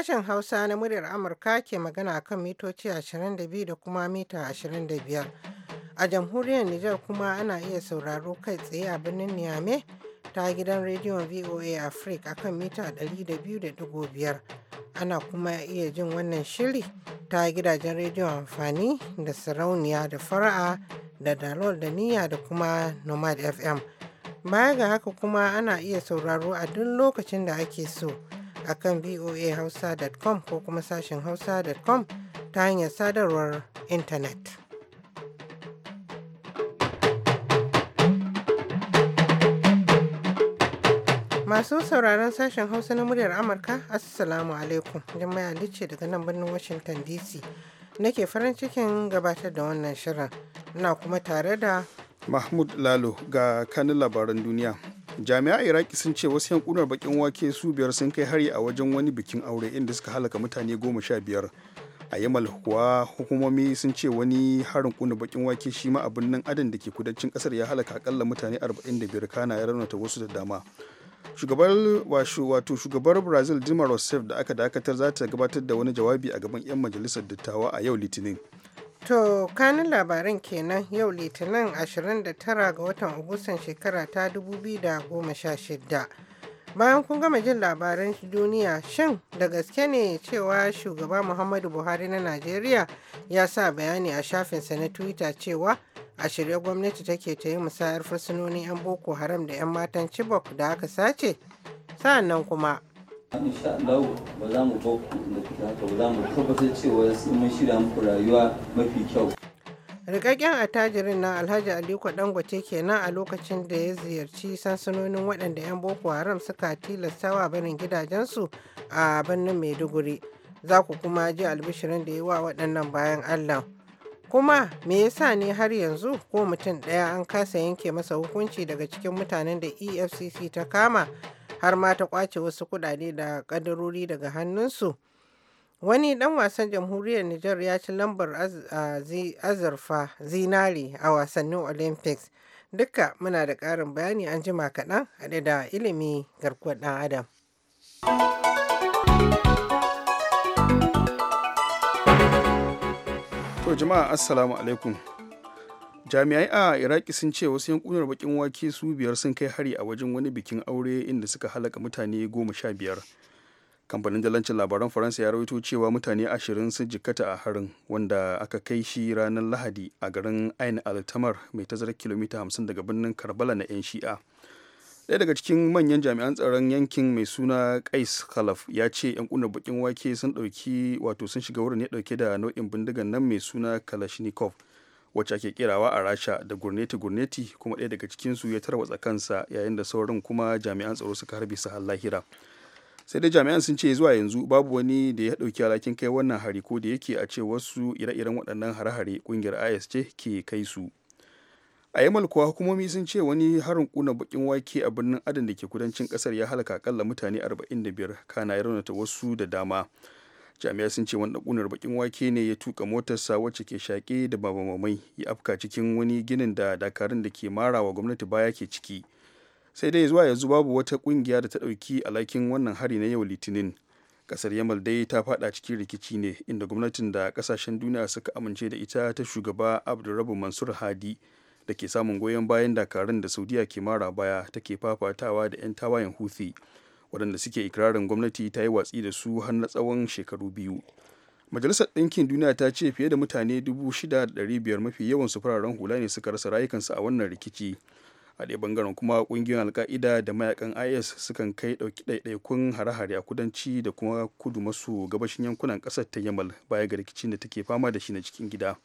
Sashen Hausa na muryar Amurka ke magana kan mitoci 22 da kuma mita 25. A jamhuriyar Nijar kuma ana iya sauraro kai tsaye a birnin Niamey ta gidan rediyon VOA Africa akan mita 200.5. Ana kuma iya jin wannan shiri ta gidajen rediyon amfani da sarauniya da fara'a da dalol da niyya da kuma nomad fm baya ga haka kuma ana iya sauraro a duk lokacin da ake so a kan voahausa.com ko kuma sashen hausa.com ta hanyar sadarwar intanet. Masu sauraron sashen Hausa na muryar Amurka, Assalamu alaikum. jama'a Lice daga nan birnin Washington DC. Nake farin cikin gabatar da wannan shirin. Ina kuma tare da Mahmud Lalo ga kanin labaran duniya. jami'a iraki sun ce wasu yankunar bakin wake su biyar sun kai hari a wajen wani bikin aure inda suka halaka mutane goma sha biyar a yamal kuwa hukumomi sun ce wani harin kuna bakin wake shi ma abin nan adan da ke kudancin kasar ya halaka akalla mutane 45 kana ya raunata wasu da dama shugabar wato shugabar brazil dilma rousseff da aka dakatar za ta gabatar da wani jawabi a gaban 'yan majalisar dattawa a yau litinin To kanin labaran kenan yau litinin 29 ga watan Agustan shekara ta 2016. Bayan kun gama jin labaran duniya shin da gaske ne cewa shugaba Muhammadu Buhari na Najeriya ya sa bayani a shafinsa na Twitter cewa a shirya gwamnati take ta yi musayar fursunonin 'yan Boko Haram da 'yan matan Chibok da aka sace? Sa'an nan kuma insha Allah rikakken attajirin na alhaji aliko dangote kenan a lokacin da ya ziyarci sansanonin waɗanda 'yan boko haram suka tilastawa barin gidajensu a birnin maiduguri za ku kuma ji albishirin da yi wa waɗannan bayan allah kuma me yasa ne har yanzu ko mutum ɗaya an kasa yanke masa hukunci daga cikin mutanen da efcc ta kama har ma ta kwace wasu kudade da kadarori daga hannunsu wani dan wasan jamhuriyar nijar ya ci lambar azurfa zinare a wasannin olympics duka muna da karin bayani an jima kaɗan haɗe da ilimi garkuwar ɗan adam to jama'a assalamu alaikum jami'ai a iraki sun ce wasu yankunan bakin wake su biyar sun kai hari a wajen wani bikin aure inda suka halaka mutane goma sha biyar kamfanin dalancin labaran faransa ya rawaito cewa mutane ashirin sun jikkata a harin wanda aka kai shi ranar lahadi a garin ain altamar mai tazarar kilomita 50 daga birnin karbala na 'yan shi'a ɗaya daga cikin manyan jami'an tsaron yankin mai suna kais khalaf ya ce 'yan kunar bakin wake sun ɗauki wato sun shiga wurin ya ɗauke da nau'in bindigan nan mai suna kalashnikov wacce ake kirawa a rasha da gurneti-gurneti kuma ɗaya daga cikinsu ya tarwatsa kansa yayin da sauran kuma jami'an tsaro suka harbe su lahira sai dai jami'an sun ce zuwa yanzu babu wani da ya ɗauki alhakin kai wannan hari ko da yake a ce wasu ire-iren waɗannan hare-hare ƙungiyar is ce ke kai su a yamal kuwa hukumomi sun ce wani harin kuna bakin wake a birnin adan da ke kudancin kasar ya halaka akalla mutane biyar kana ya raunata wasu da dama jami'ai sun ce wani ɗakunar bakin wake ne ya tuka motarsa wacce ke shaƙe da babamamai ya afka cikin wani ginin da dakarun da ke mara wa gwamnati baya ke ciki sai dai zuwa yanzu babu wata ƙungiya da ta ɗauki alhakin wannan hari na yau litinin kasar yamal dai ta fada cikin rikici ne inda gwamnatin da kasashen duniya suka amince da ita ta shugaba abdurrabu mansur hadi da ke samun goyon bayan dakarun da saudiya ke mara baya take fafatawa da 'yan tawayen huthi. waɗanda suke ikirarin gwamnati ta yi watsi da su har na tsawon shekaru biyu majalisar ɗinkin duniya ta ce fiye da mutane 6,500 mafi yawan su fararen hula ne suka rasa rayukansu a wannan rikici a ɗaya bangaren kuma ƙungiyoyin alka'ida da mayakan is sukan kai ɗauki ɗaiɗaikun hare-hare a kudanci da kuma kudu maso gabashin yankunan ƙasar ta yamal baya ga rikicin da take fama da shi na cikin gida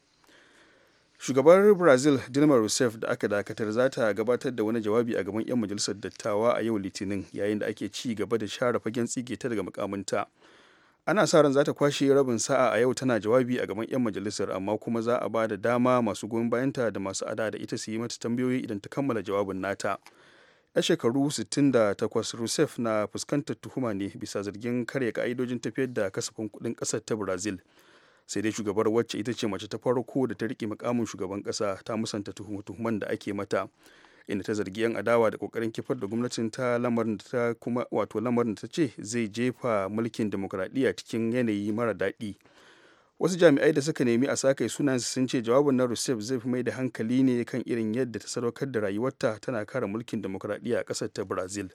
shugabar brazil dilma rousseff da aka dakatar za ta gabatar da wani jawabi a gaban 'yan majalisar dattawa a yau litinin yayin da ake ci gaba da share fagen tsige ta daga mukamunta ana sa ran za ta kwashe rabin sa'a a yau tana jawabi a gaban 'yan majalisar amma kuma za a ba da dama masu goyon bayanta da masu ada da ita su yi mata tambayoyi idan ta kammala jawabin nata a shekaru 68 rousseff na fuskantar tuhuma ne bisa zargin karya ka'idojin tafiyar da kasafin kudin kasar ta brazil sai dai shugabar wacce ita ce mace ta farko da ta riƙe mukamin shugaban ƙasa ta musanta tuhuman da ake mata inda ta zargi 'yan adawa da kokarin kifar da gwamnatin ta lamarin da ta kuma wato lamarin da ta ce zai jefa mulkin demokradiyya cikin yanayi mara daɗi wasu jami'ai da suka nemi a sakai sunansu sun ce jawabin na rusef zai fi mai da hankali ne kan irin yadda ta sadaukar da rayuwarta tana kare mulkin demokradiyya a ƙasar ta brazil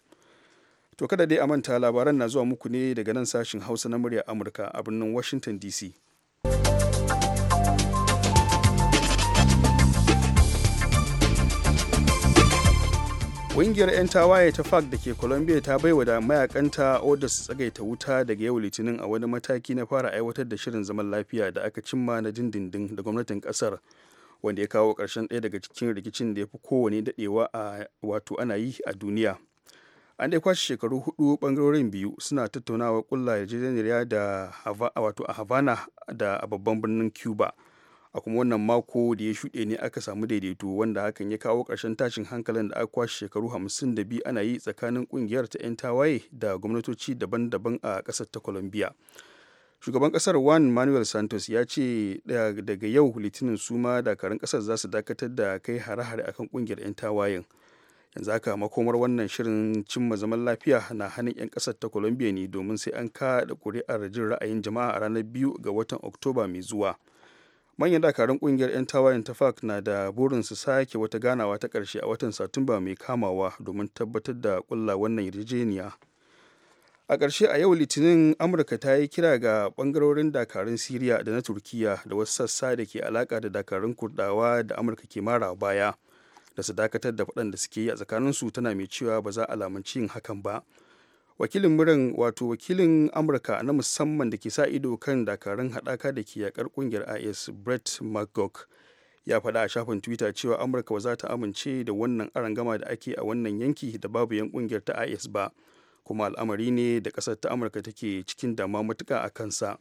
to kada dai a manta labaran na zuwa muku ne daga nan sashin hausa na murya amurka a birnin washington dc ƙungiyar 'yan tawaye ta park da ke colombia ta baiwa da mayakanta odar su tsagaita wuta daga yau litinin a wani mataki na fara aiwatar da shirin zaman lafiya da aka cimma na dindindin da gwamnatin kasar wanda ya kawo ƙarshen ɗaya daga cikin rikicin da ya fi kowane daɗewa a wato ana yi a duniya an dai kwashe shekaru hudu bangarorin biyu suna tattaunawa kulla yarjejeniya da wato a havana da a babban birnin cuba a kuma wannan mako da ya shuɗe ne aka samu daidaito wanda hakan ya kawo ƙarshen tashin hankalin da aka kwashe shekaru 52 ana yi tsakanin ƙungiyar ta 'yan tawaye da gwamnatoci daban-daban a ƙasar ta colombia shugaban ƙasar juan manuel santos ya ce daga yau litinin suma dakarun ƙasar za su dakatar da kai hare-hare akan ƙungiyar 'yan tawayen yanzu haka makomar wannan shirin cimma zaman lafiya na hannun 'yan ƙasar ta colombia ne domin sai an kaɗa ƙuri'ar jin ra'ayin jama'a a ranar biyu ga watan oktoba mai zuwa manyan dakarun kungiyar 'yan tawayen ta fak na da burin su sake wata ganawa ta karshe a watan satumba mai kamawa domin tabbatar da kulla wannan yarjejeniya a ƙarshe a yau litinin amurka ta yi kira ga ɓangarorin dakarun siriya da na turkiya da wasu sassa da ke alaƙa da dakarun kurdawa da amurka ke mara baya da su dakatar da faɗan da suke yi a tsakaninsu tana mai cewa ba za a lamunci yin hakan ba wakilin murin wato wakilin amurka na musamman da ke sa ido kan dakarun haɗaka da ke yakar kungiyar is brett mcgurk ya faɗa a shafin twitter cewa amurka ba za ta amince da wannan arangama da ake a wannan yanki da babu yan kungiyar ta is ba kuma al'amari ne da ƙasar ta amurka take cikin dama matuka a kansa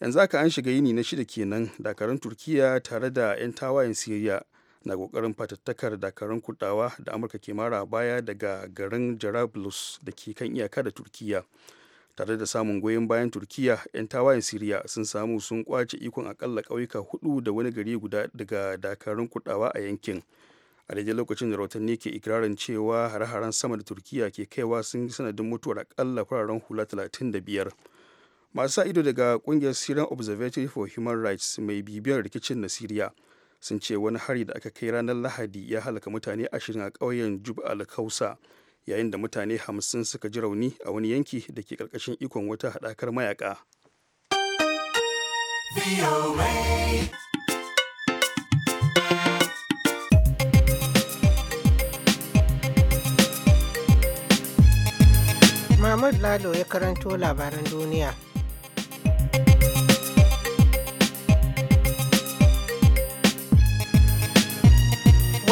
yanzu haka an shiga yini na shida kenan dakarun turkiya tare da 'yan tawayen siriya na kokarin fatattakar dakarun kudawa da amurka ke mara baya daga garin jarablus da ke kan iyaka da turkiya tare da samun goyon bayan turkiya 'yan tawayen siriya sun samu sun kwace ikon akalla ƙauyuka hudu da wani gari guda daga dakarun kudawa a yankin a daidai lokacin da rahotanni ke ikirarin cewa hare-haren sama da turkiya ke kaiwa sun yi sanadin mutuwar akalla fararen hula 35 masu sa ido daga kungiyar syrian observatory for human rights mai bibiyar rikicin na syria sun ce wani hari da aka kai ranar lahadi ya halaka mutane ashirin a ƙauyen jub al-kausa yayin da mutane hamsin suka ji rauni a wani yanki da ke ƙarƙashin ikon wata haɗakar mayaƙa. Mahmud Lalo ya karanto labaran duniya.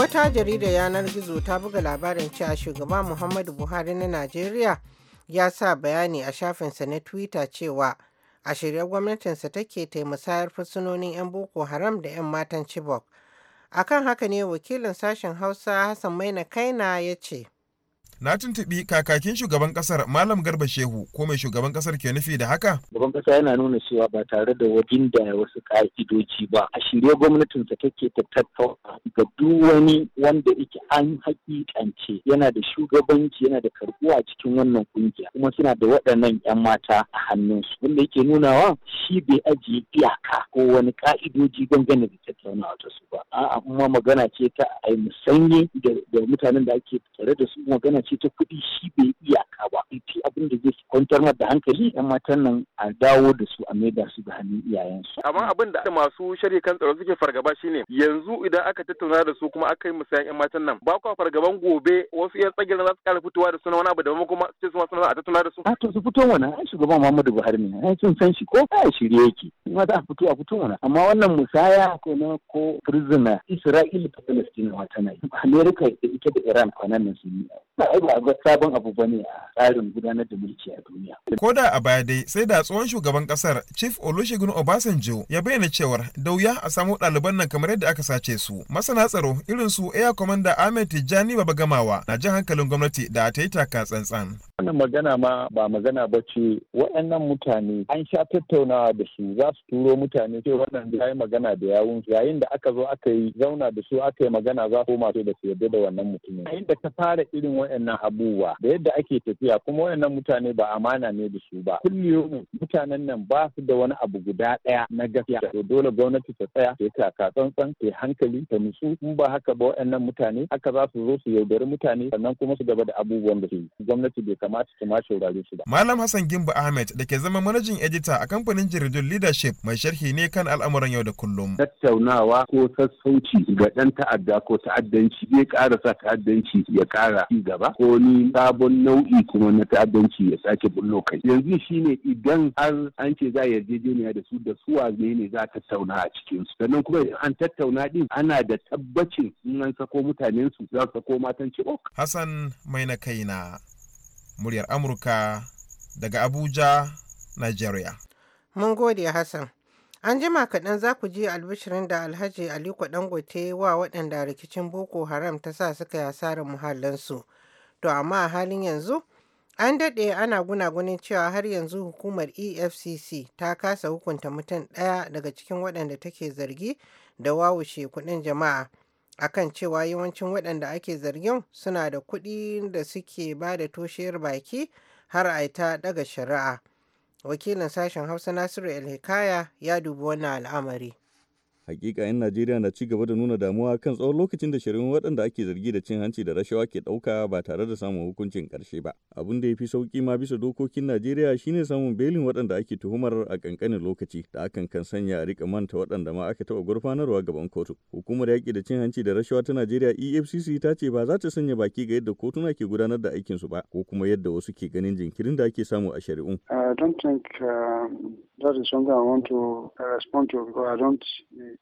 Wata jarida yanar gizo ta buga labarin cewa shugaba Muhammadu Buhari na Najeriya ya sa bayani a shafinsa na Twitter cewa a shirya gwamnatinsa take taimusayar fursunonin 'yan Boko Haram da 'yan matan Chibok. Akan haka ne wakilin sashen Hausa Hassan Maina Kaina ya ce. Na tuntubi kakakin shugaban kasar Malam Garba Shehu ko mai shugaban kasar ke nufi da haka? Shugaban kasa yana nuna cewa ba tare da wajen da wasu ƙa'idoji ba. A shirye ta take ta tattauna ga duk wani wanda yake an hakikance yana da shugabanci yana da karbuwa cikin wannan kungiya kuma suna da waɗannan 'yan mata a hannun su. wanda yake nunawa shi bai ajiye iyaka ko wani ka'idoji dangane da tattaunawa ta su ba. A'a kuma magana ce ta a musanye da mutanen da ake tare da su magana ce ce ta kuɗi shi bai iyaka ba ita abin da zai kwantar mar da hankali yan matan nan a dawo da su a maida su da hannun iyayensu. amma abin da masu shari'a kan tsaro suke fargaba shine yanzu idan aka tattauna da su kuma aka yi musayan yan matan nan ba kwa fargaban gobe wasu yan tsagira za su ƙara fitowa da suna wani abu da kuma sai su masu a tattauna da su. a to su fito mana ai shugaban muhammadu buhari ne ai sun san shi ko A shirye yake kuma za a fito a fito mana amma wannan musaya ko na ko prisoner isra'ila ta palestina wata na amerika ita da iran kwanan nan sun yi ai sabon abu ba ne a tsarin gudanar da mulki a duniya. Ko da a baya dai sai da tsohon shugaban kasar Chief Olusegun Obasanjo ya bayyana cewar da wuya a samu ɗaliban nan kamar yadda aka sace su. Masana tsaro irin su Air Commander Ahmed Tijjani Babagamawa na jan hankalin gwamnati da ta yi taka tsantsan. wannan magana ma ba magana ba ce waɗannan mutane an sha tattaunawa da su za su turo mutane ce wannan ya yi magana da yawun yayin da aka zo aka yi zauna da su aka yi magana za su masu da su yarda da wannan mutumin yayin da ka fara irin waɗannan abubuwa da yadda ake tafiya kuma waɗannan mutane ba amana ne da su ba kullum mutanen nan ba su da wani abu guda ɗaya na gaskiya to dole gwamnati ta tsaya ta kaka tsantsan ta hankali ta nutsu in ba haka ba waɗannan mutane haka za su zo su yaudari mutane sannan kuma su gaba da abubuwan da su gwamnati bai kamata su ma saurare su ba. Malam Hassan Gimba Ahmed da ke zama manajin edita a kamfanin jaridun Leadership mai sharhi ne kan al'amuran yau da kullum. Tattaunawa ko sassauci ga ɗan ta'adda ko ta'addanci zai ƙara sa ta'addanci ya ƙara ci gaba ko ni sabon nau'i kuma na ta'addanci ya sake bullo kai. Yanzu shi ne idan har an ce za a yarjejeniya da su da su ne ne za a tattauna a cikin Sannan kuma an tattauna din ana da tabbacin in an sako mutanensu su za su sako matan ok. Hassan mai na kaina muryar Amurka daga Abuja, Nigeria. Mun gode Hassan. An jima kaɗan za ku ji albishirin da Alhaji Aliko Dangote wa waɗanda rikicin Boko Haram ta sa suka yi asarar muhallansu. To amma a halin yanzu an daɗe ana gunagunin cewa har yanzu hukumar EFCC ta kasa hukunta mutum ɗaya daga cikin waɗanda take zargi da wawushe kuɗin jama'a. akan cewa yawancin waɗanda ake zargin suna da kuɗi da suke ba da toshiyar baki har a ta daga shari'a wakilin sashen hausa nasiru el hikaya ya dubi wannan al'amari Hakika 'yan Najeriya na ci gaba da nuna damuwa kan tsawon lokacin da shari'un waɗanda ake zargi da cin hanci da rashawa ke ɗauka ba tare da samun hukuncin ƙarshe ba. Abin da ya fi sauƙi ma bisa dokokin Najeriya shine samun belin waɗanda ake tuhumar a ƙanƙanin lokaci da akan kan sanya a riƙa manta waɗanda ma aka taɓa gurfanarwa gaban kotu. Hukumar yaƙi da cin hanci da rashawa ta Najeriya EFCC ta ce ba za ta sanya baki ga yadda kotuna ke gudanar da aikinsu ba ko kuma yadda wasu ke ganin jinkirin da ake samu a shari'un. that is something I want to respond to because I don't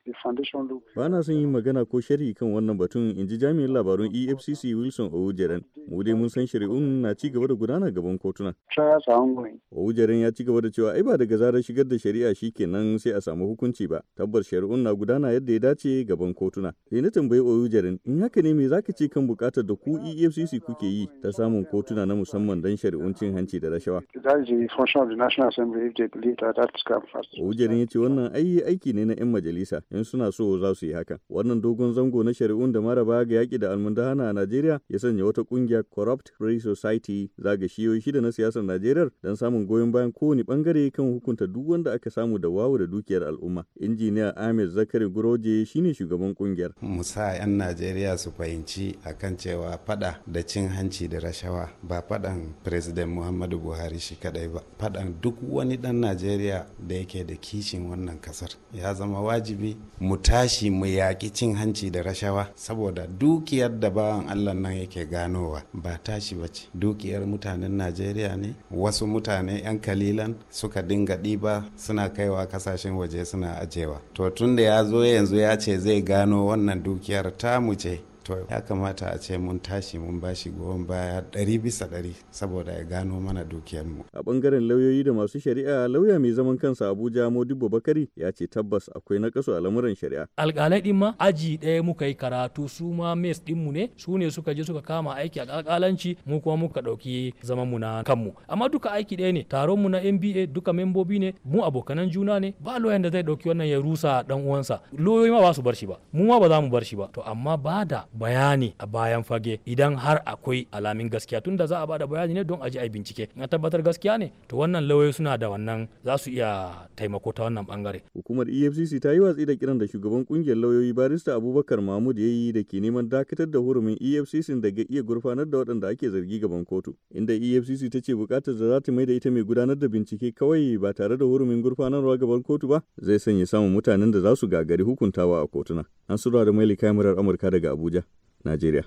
the foundation look. Ba na son yin magana ko sharhi kan wannan batun in ji jami'in labarun EFCC Wilson Owojeren. Mu dai mun san shari'un na ci gaba da gudana gaban kotuna. Trials are ya ci gaba da cewa ai ba daga zarar shigar da shari'a shi shikenan sai a samu hukunci ba. Tabbas shari'un na gudana yadda ya dace gaban kotuna. Sai eh, na tambayi Owojeren in haka ne me zaka ce kan bukatar da ku EFCC kuke yi ta samun kotuna na musamman don shari'un cin hanci da rashawa. That is the za ta cika ya ce wannan ai aiki ne na 'yan majalisa in suna so za su yi hakan Wannan dogon zango na shari'un da maraba ga yaƙi da almundahana a Najeriya ya sanya wata ƙungiya Corrupt Free Society zaga shiyoyi shida na siyasar Najeriya don samun goyon bayan kowane ɓangare kan hukunta duk wanda aka samu da wawu da dukiyar al'umma. Injiniya Ahmed Zakari Guroje shine shugaban ƙungiyar. Musa 'yan Najeriya su fahimci akan cewa fada da cin hanci da rashawa ba fadan President Muhammadu Buhari shi kadai ba. Fadan duk wani dan Najeriya tarbiyya da yake da kishin wannan kasar ya zama wajibi mu tashi mu yaƙi cin hanci da rashawa saboda dukiyar da bawan allah nan yake ganowa ba tashi ba ce dukiyar mutanen najeriya ne wasu mutane 'yan kalilan suka dinga ɗiba suna kaiwa kasashen waje suna ajewa to tun da ya zo yanzu ya ce zai gano wannan dukiyar tamu ce to ya kamata a ce mun tashi mun bashi goyon baya ɗari bisa ɗari saboda ya gano mana dukiyarmu. a bangaren lauyoyi da masu shari'a lauya mai zaman kansa abuja modibo bakari ya ce tabbas akwai nakasu a lamuran shari'a alƙalai ɗin ma aji ɗaya muka yi karatu su ma mes mu ne su ne suka je suka kama aiki a alkalanci mu kuma muka ɗauki zaman mu na kanmu amma duka aiki ɗaya ne taron mu na nba duka membobi ne mu abokanan juna ne ba lauyan da zai ɗauki wannan ya rusa ɗan uwansa lauyoyi ma ba su bar shi ba mu ma ba za mu bar shi ba to amma ba da bayani a bayan fage idan har akwai alamin gaskiya tunda za a bada bayani ne don a ji a bincike na tabbatar gaskiya ne to wannan lauyoyi suna da wannan za su iya taimako ta wannan bangare hukumar efcc ta yi watsi da kiran da shugaban kungiyar lauyoyi barista abubakar mahmud ya yi da ke neman dakatar da hurumin efcc daga iya gurfanar da waɗanda ake zargi gaban kotu inda efcc ta ce buƙatar da za ta mai da ita mai gudanar da bincike kawai ba tare da hurumin gurfanarwa gaban kotu ba zai sanya samun mutanen da za su gagari hukuntawa a kotuna an sura da mai kamarar amurka daga abuja Najeriya.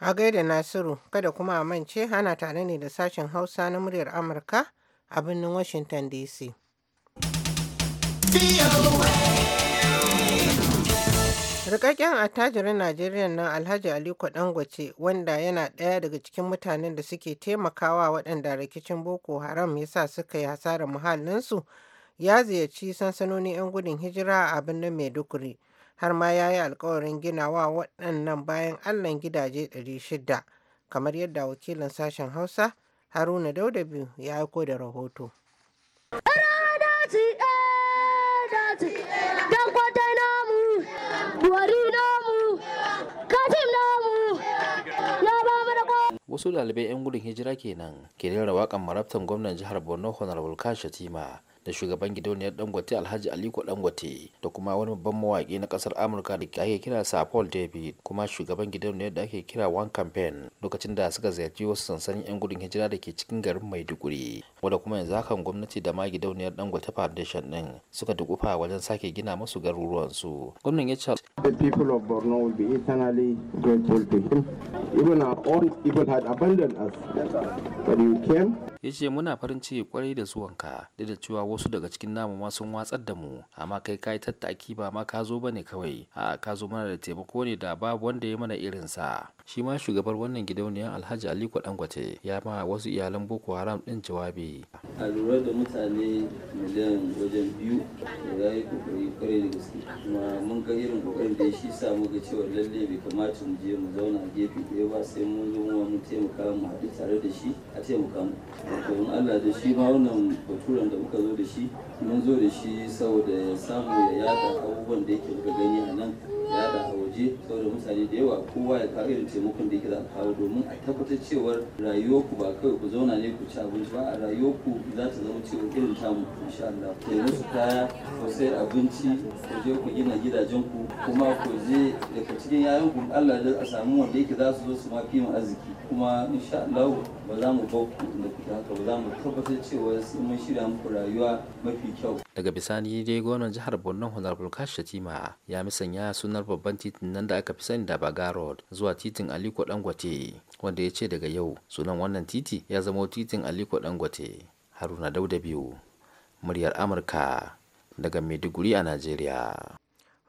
A gaida Nasiru, kada kuma a mance hana tare ne da sashen Hausa na muryar Amurka a birnin Washington DC. Rikakken attajirin Najeriya nan Alhaji Aliko Dangote wanda yana ɗaya daga cikin mutanen da suke taimakawa waɗanda rikicin Boko Haram ya sa suka yi hasarar muhallinsu ya ziyarci sansanoni 'yan gudun hijira a birnin Maiduguri. har ma ya yi alkawarin gina wa waɗannan bayan allan gidaje 600 kamar yadda wakilin sashen hausa haruna daudabi ya aiko da rahoto wasu dalibai 'yan gudun hijira kenan ke rera wakan marabtan gwamnan jihar borno honorable kashatima da shugaban gidauniyar dangote alhaji aliko dangote da kuma wani babban mawaƙi na ƙasar amurka da ake kira sa paul david kuma shugaban gidauniyar da ake kira one campaign lokacin da suka ziyarci wasu sansanin 'yan gudun hijira da ke cikin garin maiduguri wadda kuma yanzu hakan gwamnati da ma gidauniyar dangote foundation din suka dukufa wajen sake gina masu garuruwansu gwamnan ya ce the people of borno will be eternally grateful to him even our own people had abandoned us but you came ya ce muna farin ciki kwarai da zuwanka duk da cewa wasu daga cikin namu ma sun watsar da mu amma kai ka yi tattaki ba ma ka zo ba ne kawai a ka zo mana da taimako ne da babu wanda ya mana irinsa shi ma shugabar wannan gidauniyar alhaji aliko dangote ya ma wasu iyalan boko haram din jawabi a lura da mutane miliyan wajen biyu da ya yi kokari kwarai da gaske kuma mun ga irin kokarin da shi sa muka cewa lalle bai kamata mu je mu zauna gefe ɗaya ba sai mun zo mu taimaka mu haɗu tare da shi a taimaka mu domin allah da shi ma wannan baturen da muka zo da shi mun zo da shi saboda ya samu ya yada abubuwan da yake muka gani a nan ya yada a je saboda mutane da yawa kowa ya kawo irin taimakon da yake za a kawo domin a tabbatar cewar rayuwarku ba kawai ku zauna ne ku ci abinci ba a rayuwarku za ta zama cewa irin tamu insha Allah ku yi musu kaya ku sai abinci ku je ku gina gidajen ku kuma ku je daga cikin yayan ku Allah da a samu wanda yake za su zo su ma fi mu arziki kuma insha Allah ba za mu bau da kuke haka ba za mu tabbatar cewa mun shirya muku rayuwa mafi kyau daga bisani dai gwamnan jihar Borno Honorable Kashi Tima ya misanya sunar babban titin nan da aka fi sani da Baga Road zuwa titin Aliko Dangote wanda ya ce daga yau sunan wannan titi ya zama titin Aliko Dangote. Haruna Dauda biyu muryar Amurka daga Maiduguri a Najeriya.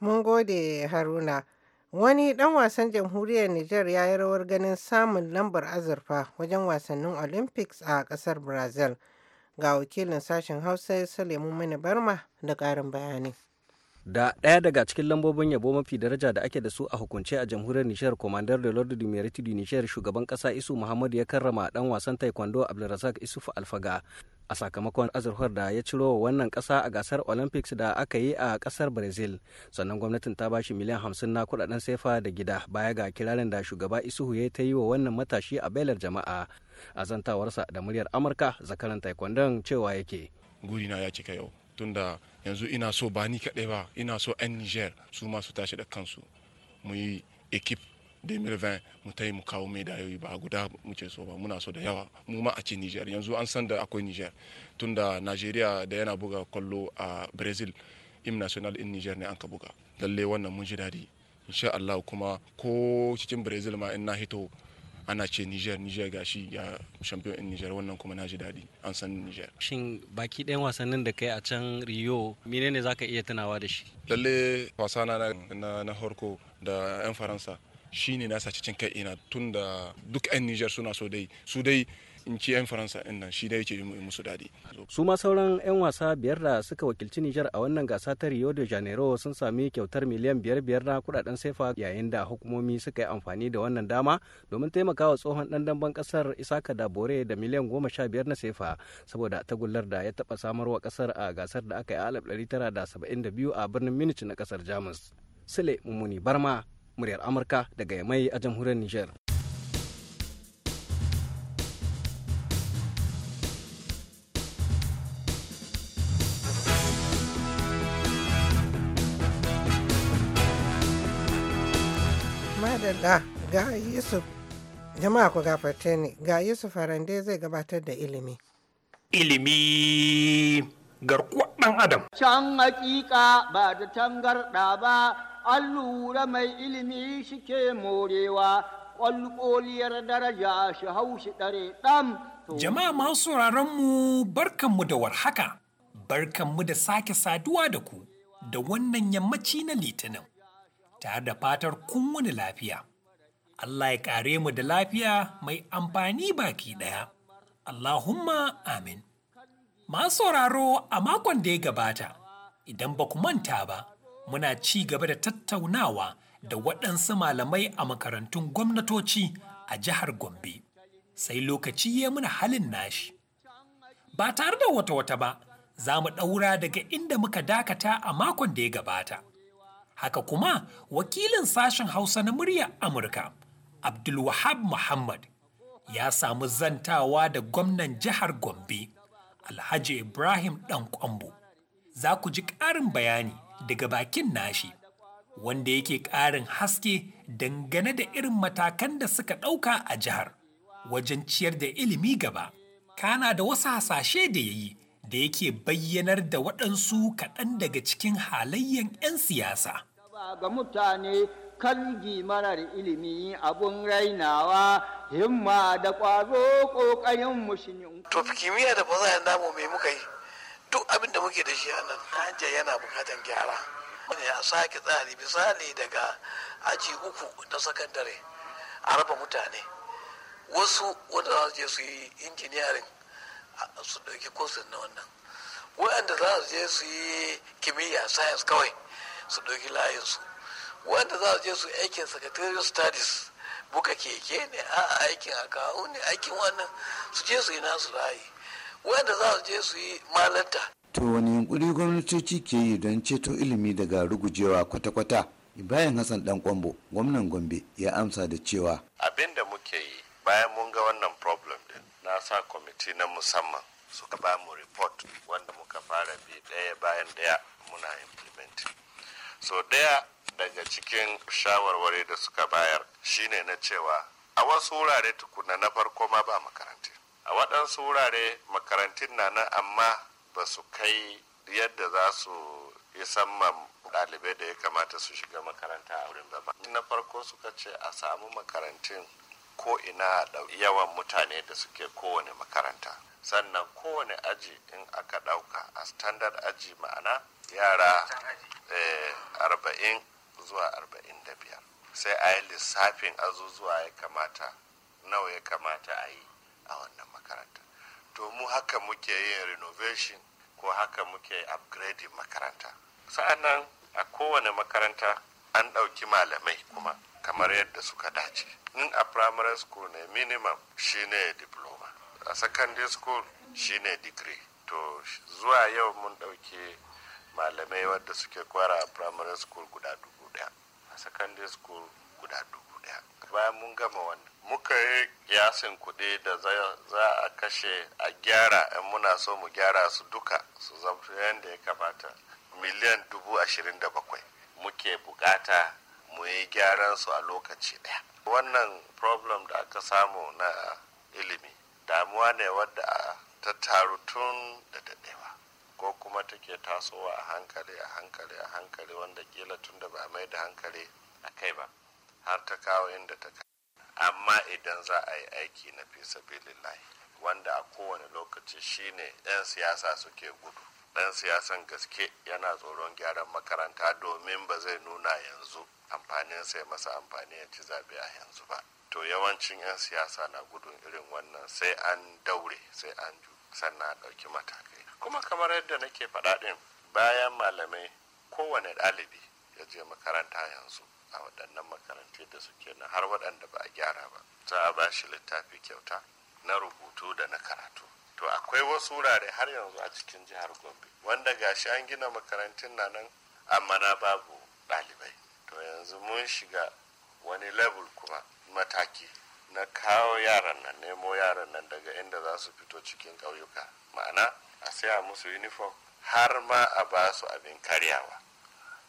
Mun gode Haruna. Wani dan wasan jamhuriyar Nijar ya yi rawar ganin samun lambar azurfa wajen wasannin Olympics a kasar Brazil. Ga wakilin sashen Hausa Suleiman Mani Barma da karin bayani. da ɗaya daga cikin lambobin yabo mafi daraja da ake da su a hukunce a jamhuriyar nishiyar commander da lord du meriti du nishiyar shugaban ƙasa isu muhammadu ya karrama dan wasan taekwondo abdulrazak Isuf alfaga a sakamakon azurfar da ya ciro wa wannan ƙasa a gasar olympics da aka yi a ƙasar brazil sannan gwamnatin ta bashi miliyan hamsin na kudaden sefa da gida baya ga kirarin da shugaba isuhu ya ta yi wa wannan matashi a belar jama'a a zantawarsa da muryar amurka zakaran taekwondon cewa yake gurina ya cika yau tunda yanzu ina so ba ni kaɗai ba ina so 'yan niger su masu tashi da kansu mu yi ekip 2020 mu ta yi mu kawo medayoyi ba guda muke so ba muna so da yawa mu ma a ce niger yanzu an san da akwai niger tunda nigeria da yana buga kwallo a brazil im national in niger ne an ka buga lalle wannan mun ji daɗi insha allah kuma ko cikin brazil ma in na hito ana ce niger niger gashi ya champion in niger wannan kuma na ji daɗi an san niger shin baki ɗayan wasannin da kai a can rio menene zaka iya tunawa da shi lalle wasana na na harko da yan faransa shine na sace cin kai ina tun da duk yan niger suna so dai su dai in ci 'yan faransa nan shi da yake musu daɗi. su ma sauran 'yan wasa biyar da suka wakilci nijar a wannan gasa ta rio de janeiro sun sami kyautar miliyan biyar biyar na kudaden sefa yayin da hukumomi suka yi amfani da wannan dama domin taimakawa tsohon dan damben kasar isaka da bore da miliyan goma sha biyar na sefa saboda tagullar da ya taba samarwa kasar a gasar da aka yi alaf ɗari tara da saba'in biyu a birnin minich na kasar jamus sule mummuni barma muryar amurka daga yamai a jamhuriyar nijar. madalla ga yusuf jama'a ku gafarta ni ga yusuf farande zai gabatar da ilimi ilimi garkuwar ɗan adam can hakika ba da tangarɗa ba an lura mai ilimi shike morewa ƙwalƙoliyar daraja shi haushi ɗare ɗan. jama'a masu mu barkanmu da warhaka barkanmu da sake saduwa da ku da wannan yammaci na litinin tare da fatar kun lafiya. Allah ya ƙare mu da lafiya mai amfani baki ɗaya. Allahumma amin. Masu sauraro a makon da ya gabata, idan ba ku manta ba, muna ci gaba da tattaunawa da waɗansu malamai a makarantun gwamnatoci a jihar Gombe. Sai lokaci ya muna halin nashi. Ba tare da wata-wata ba, za mu ɗaura daga inda muka dakata a makon da ya gabata. haka kuma wakilin sashen hausa na murya amurka abdulwahab muhammad ya samu zantawa da gwamnan jihar gombe alhaji ibrahim dan kwambo za ku ji ƙarin bayani daga bakin nashi wanda yake ƙarin haske dangane da irin matakan da suka ɗauka a jihar wajen ciyar da ilimi gaba kana da wasu hasashe da ya yi da yake bayyanar da waɗansu kaɗan daga cikin halayyan 'yan siyasa ga mutane kalgi marar ilimi abun rainawa himma da ƙwazo ƙoƙarin mushin to kimiyya da fasaha namu mai muka yi duk abin da muke da shi a nan hajja yana bukatan gyara ne a sake tsari misali daga aji uku na sakandare a raba mutane wasu wanda za su je su yi injiniyarin su ɗauki kosin na wannan wanda za su je su yi kimiyya science kawai su ɗauki layinsu wanda za su je su aikin secretarial studies buka keke ne a aikin akawu ne aikin wannan su je su yi nasu layi wanda za su je su yi malanta. to wani yunkuri gwamnatoci ke yi don ceto ilimi daga rugujewa kwata-kwata bayan hassan dan kwambo gwamnan gombe ya amsa da cewa abin da muke yi bayan mun ga wannan problem din na sa kwamiti na musamman suka ba mu report wanda muka fara bi daya bayan daya muna implementing so daya daga cikin shawarwari da suka bayar shine na cewa a wasu wurare tukuna na farko ma ba makaranti a waɗansu wurare makarantun na nan amma ba su kai yadda za su yi samman ɗalibai da ya kamata su shiga makaranta a wurin ba na farko suka ce a samu makarantun ko ina da yawan mutane da suke kowane makaranta sannan kowane aji in aka ɗauka a standard aji ma'ana yara eh, arba'in zuwa arba'in da biyar sai a yi lissafin azuzuwa ya kamata nawa ya kamata a yi a wannan makaranta to mu haka muke yin renovation ko haka muke upgrading makaranta sa'annan a kowane makaranta an ɗauki malamai kuma kamar yadda suka dace in a primary school ne minimum shine diploma a secondary school shine degree to zuwa yau mun ɗauki malamai wadda suke kwara primary school guda dubu daya a secondary school guda dubu daya bayan mun gama wannan muka yi yasin kuɗi da za a kashe a gyara in muna so mu gyara su duka su zamto yadda ya kamata miliyan dubu ashirin da bakwai muke bukata mu yi gyaran su a lokaci daya wannan problem da aka samu na ilimi damuwa ne wadda ta taru tun da daɗewa ko kuma take tasowa a hankali a hankali a hankali wanda kila tun da ba mai da hankali a kai ba har ta kawo inda ta kai amma idan za a yi aiki na fi sabilillahi wanda a kowane lokaci shine 'yan siyasa suke gudu ɗan siyasan gaske yana tsoron gyaran makaranta domin ba zai nuna yanzu amfanin sai masa amfani ya ci zaɓe a yanzu ba to yawancin 'yan siyasa na gudun irin wannan sai an daure sai an sannan a ɗauki matakai kuma kamar yadda nake faɗa ɗin bayan malamai kowane ɗalibi ya je makaranta yanzu a waɗannan makarantar da suke na har waɗanda ba a gyara ba za a ba shi littafi kyauta na rubutu da na karatu to akwai wasu wurare har yanzu a cikin jihar gombe wanda gashi an gina makarantun na nan amma na babu ɗalibai to yanzu mun shiga wani level kuma mataki na kawo yaran nan nemo yaran nan daga inda za su fito cikin ƙauyuka ma'ana a saya musu uniform har ma a ba su abin karyawa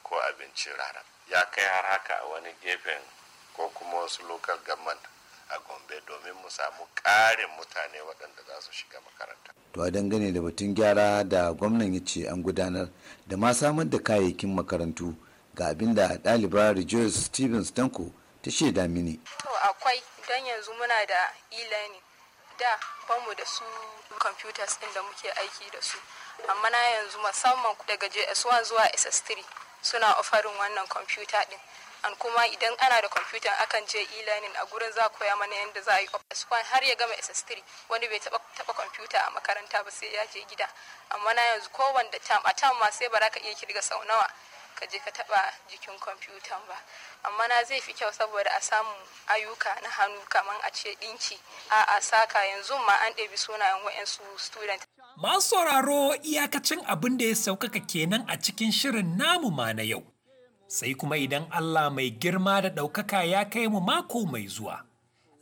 ko abincin rana ya kai har haka a wani gefen ko kuma wasu local government a gombe domin mu samu ƙarin mutane waɗanda za su shiga makaranta. to a dangane da batun gyara da gwamnan ya ce an gudanar da ma samar da kayayyakin makarantu ga abin da ɗaliba rejoice stevens danko ta shaida mini. to akwai don yanzu muna da e-learning da mu da su computers ɗin da muke aiki da su amma na yanzu musamman daga js1 zuwa ss3 suna ofarin wannan computer ɗin an kuma idan ana da computer akan je e-learning a gurin za koya mana yadda za a yi s1 har ya gama ss3 wani bai taba taba kwamfuta a makaranta ba sai ya je gida amma na yanzu ko wanda tam a tam ma sai ba ka iya kirga sau nawa ka je ka taba jikin kwamfutan ba amma na zai fi kyau saboda a samu ayyuka na hannu kamar a ce dinki a a saka yanzu ma an ɗebi sunayen wa'yansu student masu sauraro iyakacin abin da ya saukaka kenan a cikin shirin namu ma na yau sai kuma idan Allah mai girma da ɗaukaka ya kai mu mako mai zuwa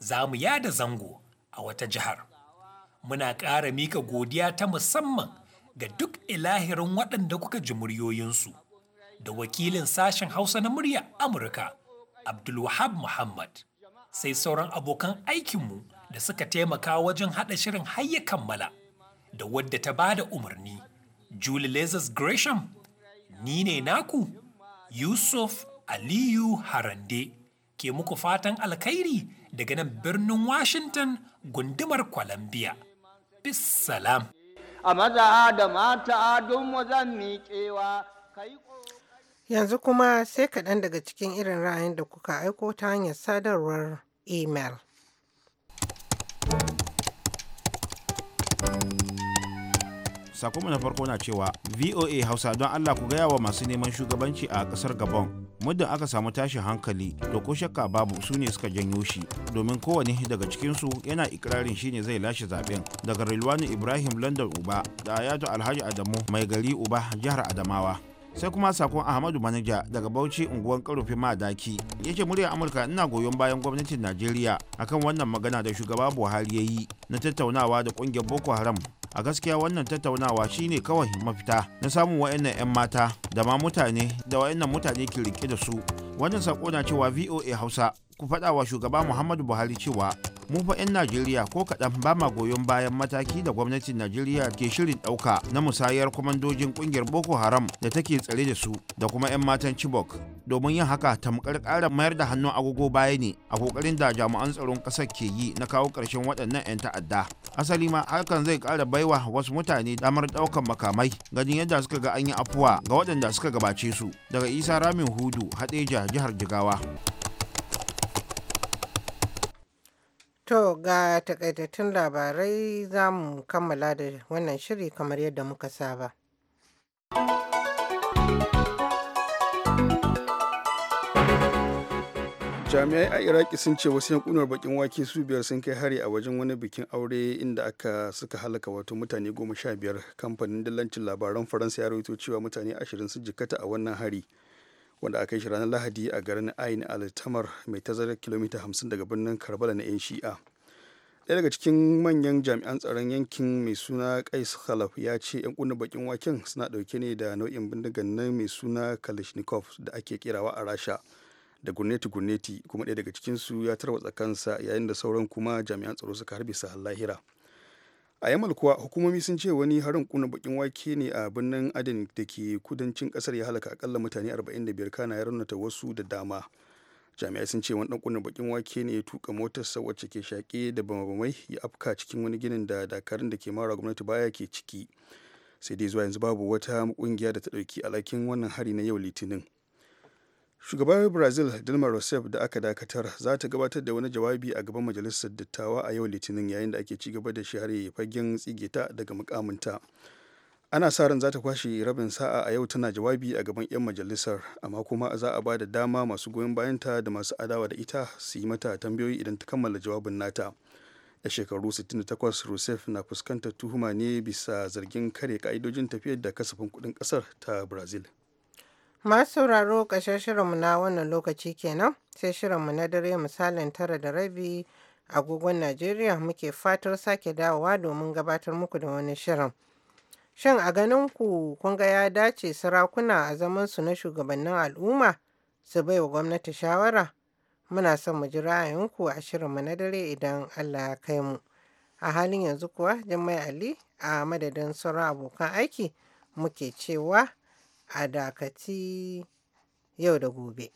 za mu yada zango a wata jihar muna ƙara mika godiya ta musamman ga duk ilahirin waɗanda kuka ji muryoyinsu. da wakilin sashen Hausa na murya Amurka, Abdulwahab Muhammad, sai sauran abokan aikinmu da suka taimaka wajen haɗa shirin hayya kammala, da wadda ta bada umarni, Julie Lazarus Gresham, ni ne naku, Yusuf Aliyu Harande, ke muku fatan alkhairi daga nan birnin Washington gundumar Columbia. Bis salam. A maza da mata don mu zan miƙewa. Yanzu kuma sai kaɗan daga cikin irin ra'ayin da kuka aiko ta hanyar sadarwar email. Sakonmu na farko na cewa VOA Hausa don Allah ku gaya wa masu neman shugabanci a ƙasar Gabon. Muddin aka samu tashin hankali da ko shakka babu su ne suka janyo shi domin kowane daga cikinsu yana ikirarin shi ne zai lashe zaben daga Rilwani Ibrahim London Uba da Ayatu Alhaji Adamu mai gari Uba jihar Adamawa. sai kuma sakon ahmadu manija daga bauchi unguwan karufe madaki ya ce muryar amurka ina goyon bayan gwamnatin najeriya akan wannan magana da shugaba buhari ya yi na tattaunawa da kungiyar boko haram a gaskiya wannan tattaunawa shine kawai mafita na samun wayannan 'yan mata da ma mutane da wayannan mutane ke rike da su wannan sako na cewa voa hausa ku faɗa wa shugaba Muhammadu Buhari cewa mu fa 'yan Najeriya ko kaɗan ba ma goyon bayan mataki da gwamnatin Najeriya ke shirin ɗauka na musayar kwamandojin ƙungiyar Boko Haram da take tsare da su da kuma 'yan matan Chibok. Domin yin haka tamkar ƙara mayar da hannun agogo baya ne a ƙoƙarin da jami'an tsaron ƙasar ke yi na kawo ƙarshen waɗannan 'yan ta'adda. Asali ma hakan zai ƙara baiwa wasu mutane damar ɗaukan makamai ganin yadda suka ga an yi afuwa ga waɗanda suka gabace su daga Isa Ramin Hudu Hadeja jihar Jigawa. To ga takaitattun labarai za mu kammala da wannan shiri kamar yadda muka saba. jami'ai a iraki sun ce wasu yankunar bakin wake su biyar sun kai hari a wajen wani bikin aure inda aka suka halaka wato mutane goma sha biyar kamfanin dillancin labaran faransa ya rawaito cewa mutane ashirin sun jikkata a wannan hari wanda aka yi shi ranar lahadi a garin ayin altamar mai tazarar kilomita 50 daga birnin karbala na 'yan shi'a daya daga cikin manyan jami'an tsaron yankin mai suna kais khalaf ya ce 'yan kunna bakin waken suna ɗauke ne da nau'in bindigan na mai suna kalashnikov da ake kirawa a rasha da gurneti gurneti kuma ɗaya daga cikin su ya tarwatsa kansa yayin da sauran kuma jami'an tsaro suka harbe su lahira a yamal kuwa hukumomi sun ce wani harin kuna bakin wake ne a birnin aden da ke kudancin kasar ya halaka akalla mutane 45 kana ya raunata wasu da dama jami'ai sun ce wani dan kuna bakin wake ne ya tuka motarsa wacce ke shaƙe da bamabamai ya afka cikin wani ginin da dakarun da ke mara gwamnati baya ke ciki sai dai zuwa yanzu babu wata kungiya da ta ɗauki alakin wannan hari na yau litinin shugabar brazil dilma rousseff da aka dakatar za ta gabatar da wani jawabi a gaban majalisar dattawa a yau litinin yayin da ake ci gaba da share fagen tsigeta daga mukaminta ana sa ran za ta kwashe rabin sa'a a yau tana jawabi a gaban 'yan majalisar amma kuma za a ba da dama masu goyon bayanta da masu adawa da ita su yi mata tambayoyi idan ta kammala jawabin nata da shekaru 68 rousseff na fuskantar tuhuma ne bisa zargin kare ka'idojin tafiyar da kasafin kudin kasar ta brazil Masu sauraro ƙarshen shirinmu na wannan lokaci kenan sai shirinmu na dare misalin tara da rabi agogon Najeriya muke fatar sake dawowa domin gabatar muku da wani shirin. Shin a ganin ku kun ga ya dace sarakuna a zaman su na shugabannin al'umma su bai wa gwamnati shawara? Muna son mu ji ra'ayinku a shirinmu na dare idan Allah ya kai mu. A halin yanzu kuwa Jummai Ali a madadin sauran abokan aiki muke cewa a dakaci yau da gobe.